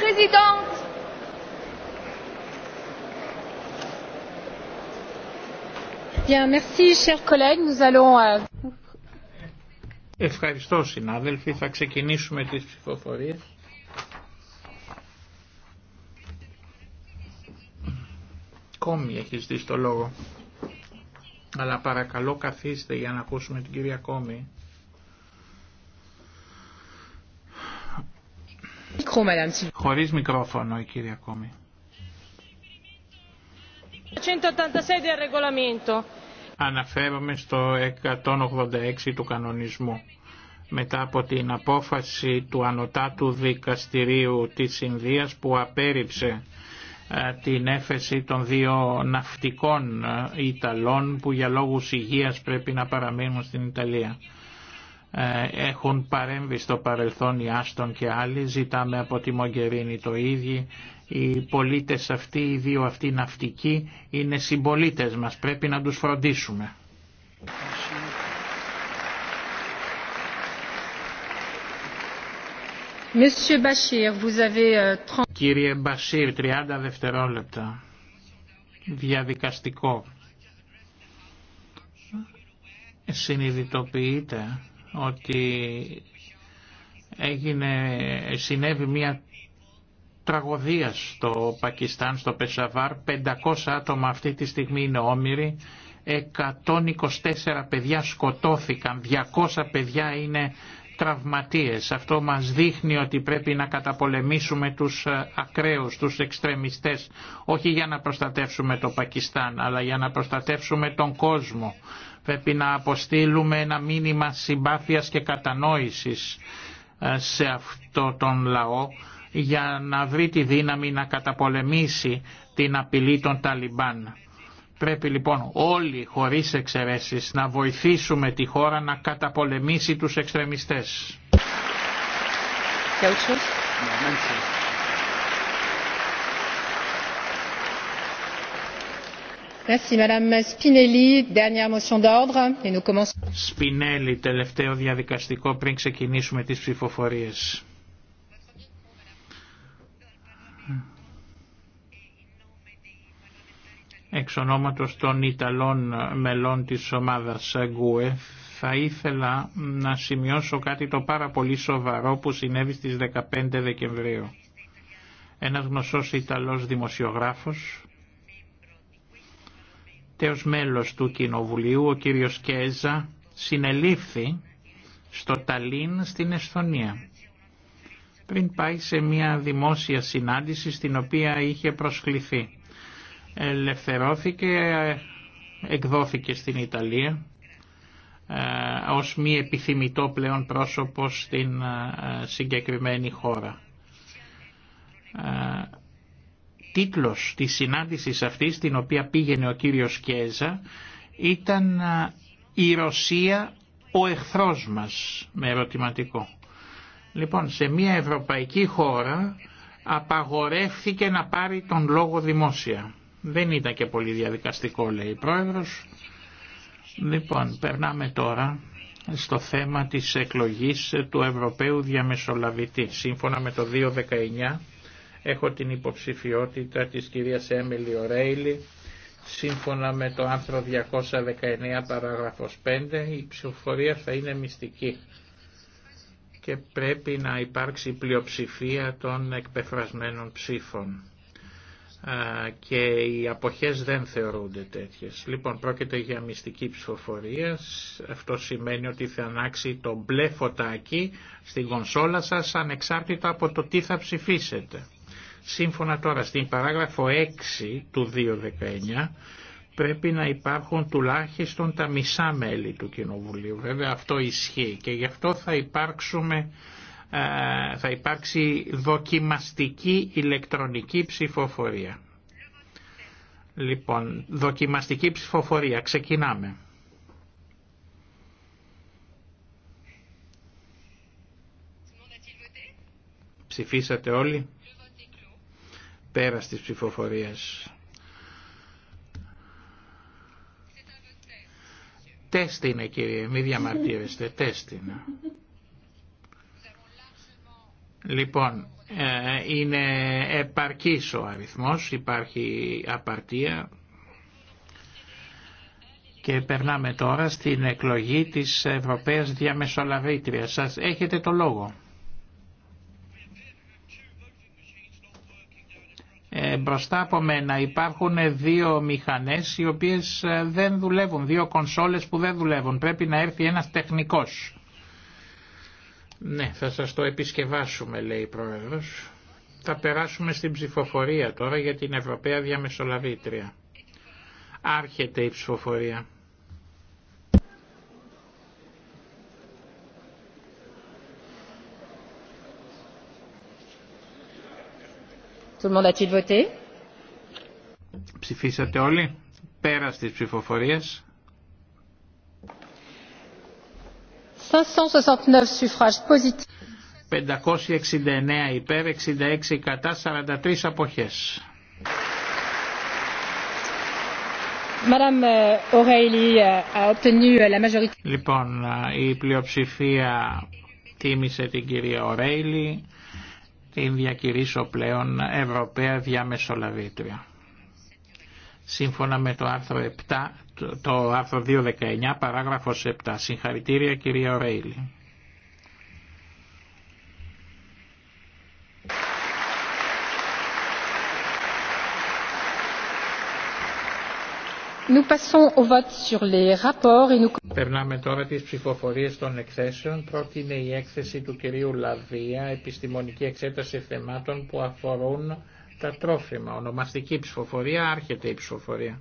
Présidente. Bien, merci, chers collègues. Nous allons. Euh, Ευχαριστώ συνάδελφοι. Θα ξεκινήσουμε τις ψηφοφορίες. Κόμι έχεις δει το λόγο. Αλλά παρακαλώ καθίστε για να ακούσουμε την κυρία Κόμι. Χωρίς μικρόφωνο η κυρία Κόμη. 186 Αναφέρομαι στο 186 του κανονισμού. Μετά από την απόφαση του Ανωτάτου Δικαστηρίου της Ινδίας που απέρριψε ε, την έφεση των δύο ναυτικών ε, Ιταλών που για λόγους υγείας πρέπει να παραμείνουν στην Ιταλία. Ε, έχουν παρέμβει στο παρελθόν οι Άστον και άλλοι, ζητάμε από τη Μογκερίνη το ίδιο. Οι πολίτες αυτοί, οι δύο αυτοί ναυτικοί είναι συμπολίτες μας, πρέπει να τους φροντίσουμε. Euh, Κύριε Μπασίρ, 30 δευτερόλεπτα. Διαδικαστικό. Συνειδητοποιείτε ότι έγινε, συνέβη μια τραγωδία στο Πακιστάν, στο Πεσαβάρ. 500 άτομα αυτή τη στιγμή είναι όμοιροι. 124 παιδιά σκοτώθηκαν, 200 παιδιά είναι τραυματίες. Αυτό μας δείχνει ότι πρέπει να καταπολεμήσουμε τους ε, ακραίους, τους εξτρεμιστές, όχι για να προστατεύσουμε το Πακιστάν, αλλά για να προστατεύσουμε τον κόσμο. Πρέπει να αποστείλουμε ένα μήνυμα συμπάθειας και κατανόησης ε, σε αυτό τον λαό για να βρει τη δύναμη να καταπολεμήσει την απειλή των Ταλιμπάν. Πρέπει λοιπόν όλοι χωρίς εξαιρέσεις να βοηθήσουμε τη χώρα να καταπολεμήσει τους εξτρεμιστές. Σπινέλη, τελευταίο διαδικαστικό πριν ξεκινήσουμε τις ψηφοφορίες. Εξ ονόματος των Ιταλών μελών της ομάδας Γκουε θα ήθελα να σημειώσω κάτι το πάρα πολύ σοβαρό που συνέβη στις 15 Δεκεμβρίου. Ένας γνωστός Ιταλός δημοσιογράφος τελευταίος μέλος του Κοινοβουλίου, ο κύριος Κέζα, συνελήφθη στο Ταλίν στην Εσθονία πριν πάει σε μια δημόσια συνάντηση στην οποία είχε προσκληθεί. Ελευθερώθηκε, εκδόθηκε στην Ιταλία ε, ως μη επιθυμητό πλέον πρόσωπο στην ε, συγκεκριμένη χώρα. Ε, τίτλος της συνάντησης αυτής την οποία πήγαινε ο κύριος Κέζα ήταν «Η Ρωσία ο εχθρός μας» με ερωτηματικό. Λοιπόν, σε μια ευρωπαϊκή χώρα απαγορεύθηκε να πάρει τον λόγο δημόσια. Δεν ήταν και πολύ διαδικαστικό λέει η πρόεδρος. Λοιπόν, περνάμε τώρα στο θέμα της εκλογής του Ευρωπαίου Διαμεσολαβητή. Σύμφωνα με το 219 Έχω την υποψηφιότητα της κυρίας Έμιλι Ορέιλι. Σύμφωνα με το άρθρο 219 παράγραφος 5 η ψηφοφορία θα είναι μυστική και πρέπει να υπάρξει πλειοψηφία των εκπεφρασμένων ψήφων και οι αποχές δεν θεωρούνται τέτοιες. Λοιπόν, πρόκειται για μυστική ψηφοφορία. Αυτό σημαίνει ότι θα ανάξει το μπλε φωτάκι στην κονσόλα σας ανεξάρτητα από το τι θα ψηφίσετε. Σύμφωνα τώρα στην παράγραφο 6 του 2019 πρέπει να υπάρχουν τουλάχιστον τα μισά μέλη του Κοινοβουλίου. Βέβαια αυτό ισχύει και γι' αυτό θα, υπάρξουμε, θα υπάρξει δοκιμαστική ηλεκτρονική ψηφοφορία. Λοιπόν, δοκιμαστική ψηφοφορία. Ξεκινάμε. Ψηφίσατε όλοι. Πέρα της ψηφοφορίας. Τεστ κύριε, μη διαμαρτύρεστε, τεστ Λοιπόν, ε, είναι επαρκής ο αριθμός, υπάρχει απαρτία και περνάμε τώρα στην εκλογή της Ευρωπαίας Διαμεσολαβήτριας. Σας έχετε το λόγο. Ε, μπροστά από μένα υπάρχουν δύο μηχανές οι οποίες ε, δεν δουλεύουν, δύο κονσόλες που δεν δουλεύουν. Πρέπει να έρθει ένας τεχνικός. Ναι, θα σας το επισκευάσουμε λέει η Πρόεδρος. Θα περάσουμε στην ψηφοφορία τώρα για την Ευρωπαία Διαμεσολαβήτρια. Άρχεται η ψηφοφορία. Tout le monde a-t-il voté? Ψηφίσατε όλοι. Πέρα στις ψηφοφορίες. 569 suffrages positifs. 569 υπέρ, 66 κατά, 43 αποχές. Euh, euh, euh, λοιπόν, η πλειοψηφία τίμησε την κυρία O'Reilly. Είναι διακηρύσω πλέον Ευρωπαία διαμεσολαβήτρια. Σύμφωνα με το άρθρο 7, το άρθρο 219, παράγραφος 7. Συγχαρητήρια κυρία Ρέιλι. Περνάμε τώρα τις ψηφοφορίες των εκθέσεων. Πρώτη είναι η έκθεση του κυρίου Λαβία, επιστημονική εξέταση θεμάτων που αφορούν τα τρόφιμα. Ονομαστική ψηφοφορία, άρχεται η ψηφοφορία.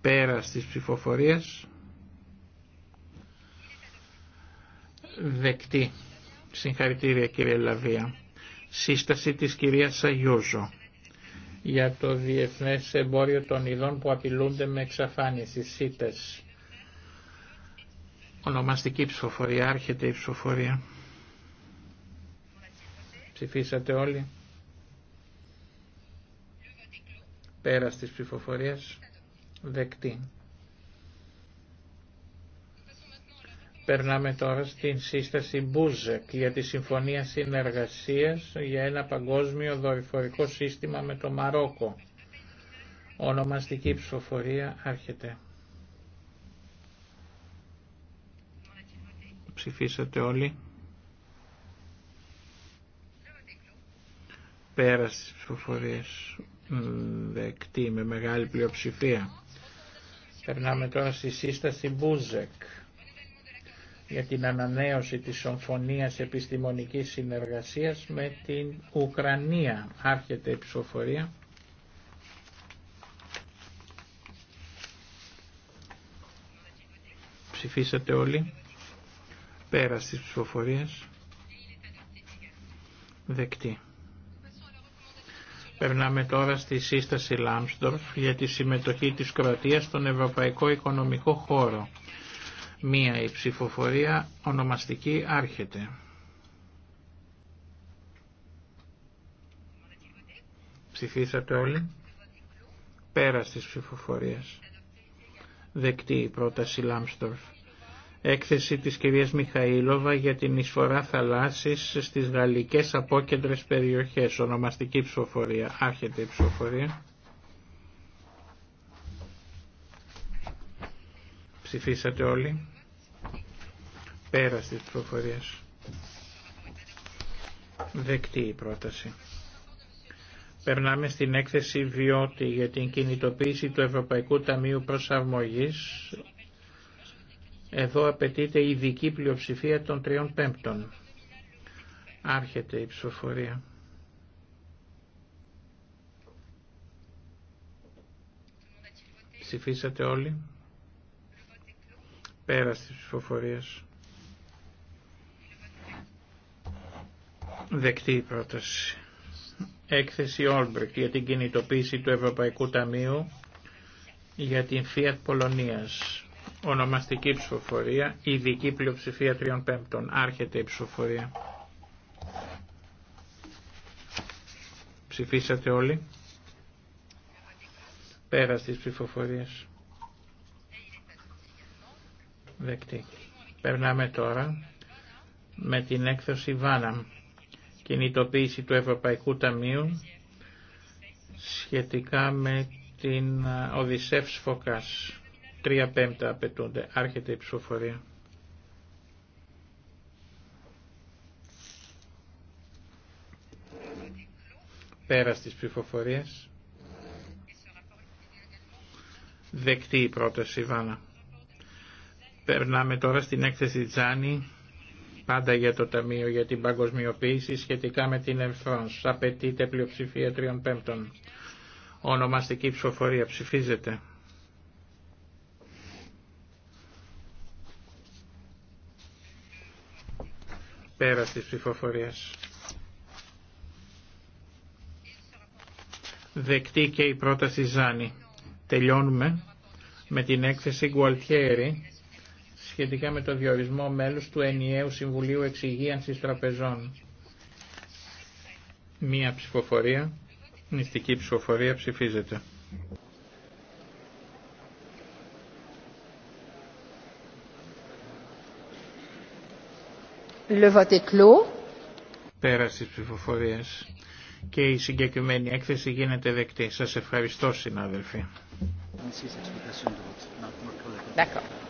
Πέρα στις ψηφοφορίες. Δεκτή. Συγχαρητήρια κύριε Λαβία. Σύσταση της κυρίας Σαγιούζο για το διεθνές εμπόριο των ειδών που απειλούνται με εξαφάνιση, ΣΥΤΕΣ. Ονομαστική ψηφοφορία, άρχεται η ψηφοφορία. Ψηφίσατε όλοι. Πέρα της ψηφοφορίας, δεκτή. Περνάμε τώρα στην σύσταση Μπούζεκ για τη Συμφωνία Συνεργασίας για ένα παγκόσμιο δορυφορικό σύστημα με το Μαρόκο. Ονομαστική ψηφοφορία άρχεται. Ψηφίσατε όλοι. Πέρασε τις ψηφοφορίες. Δεκτή με μεγάλη πλειοψηφία. Περνάμε τώρα στη σύσταση Μπούζεκ για την ανανέωση της Συμφωνίας Επιστημονικής Συνεργασίας με την Ουκρανία. Άρχεται η ψηφοφορία. Ψηφίσατε όλοι. Πέρα τη ψηφοφορίας. Δεκτή. Περνάμε τώρα στη σύσταση Λάμστορφ για τη συμμετοχή της Κροατίας στον Ευρωπαϊκό Οικονομικό Χώρο. Μία η ψηφοφορία ονομαστική άρχεται. Ψηφίσατε όλοι. Πέρα της ψηφοφορίας. Δεκτή η πρόταση Λάμστορφ. Έκθεση της κυρίας Μιχαήλοβα για την εισφορά θαλάσσης στις γαλλικές απόκεντρες περιοχές. Ονομαστική ψηφοφορία. Άρχεται η ψηφοφορία. Ψηφίσατε όλοι. Πέραστη της ψηφοφορίας. Δεκτή η πρόταση. Περνάμε στην έκθεση βιώτη για την κινητοποίηση του Ευρωπαϊκού Ταμείου Προσαρμογής. Εδώ απαιτείται ειδική πλειοψηφία των τριών πέμπτων. Άρχεται η ψηφοφορία. Ψηφίσατε όλοι. Πέραστη της ψηφοφορίας. Δεκτή η πρόταση. Έκθεση Όλμπρεκ για την κινητοποίηση του Ευρωπαϊκού Ταμείου για την Fiat Πολωνίας. Ονομαστική ψηφοφορία, ειδική πλειοψηφία τριών πέμπτων. Άρχεται η ψηφοφορία. Ψηφίσατε όλοι. Πέρα στις ψηφοφορίες. Δεκτή. Περνάμε τώρα με την έκθεση Βάναμ κινητοποίηση του Ευρωπαϊκού Ταμείου σχετικά με την Οδυσσεύς Φωκάς. Τρία πέμπτα απαιτούνται. Άρχεται η ψηφοφορία. Πέρα στις ψηφοφορίες. Δεκτή η πρόταση Βάνα. Περνάμε τώρα στην έκθεση Τζάνι πάντα για το Ταμείο για την Παγκοσμιοποίηση σχετικά με την Εμφρόνς. Απαιτείται πλειοψηφία τριών πέμπτων. Ονομαστική ψηφοφορία ψηφίζεται. Πέρα της ψηφοφορίας. Δεκτή και η πρόταση Ζάνη. Τελειώνουμε με την έκθεση Γκουαλτιέρη σχετικά με το διορισμό μέλους του ενιαίου Συμβουλίου Εξυγίανσης Τραπεζών. Μία ψηφοφορία, νηστική ψηφοφορία ψηφίζεται. Le vote est clos. Πέρα και η συγκεκριμένη έκθεση γίνεται δεκτή. Σας ευχαριστώ συνάδελφοι. D'accord.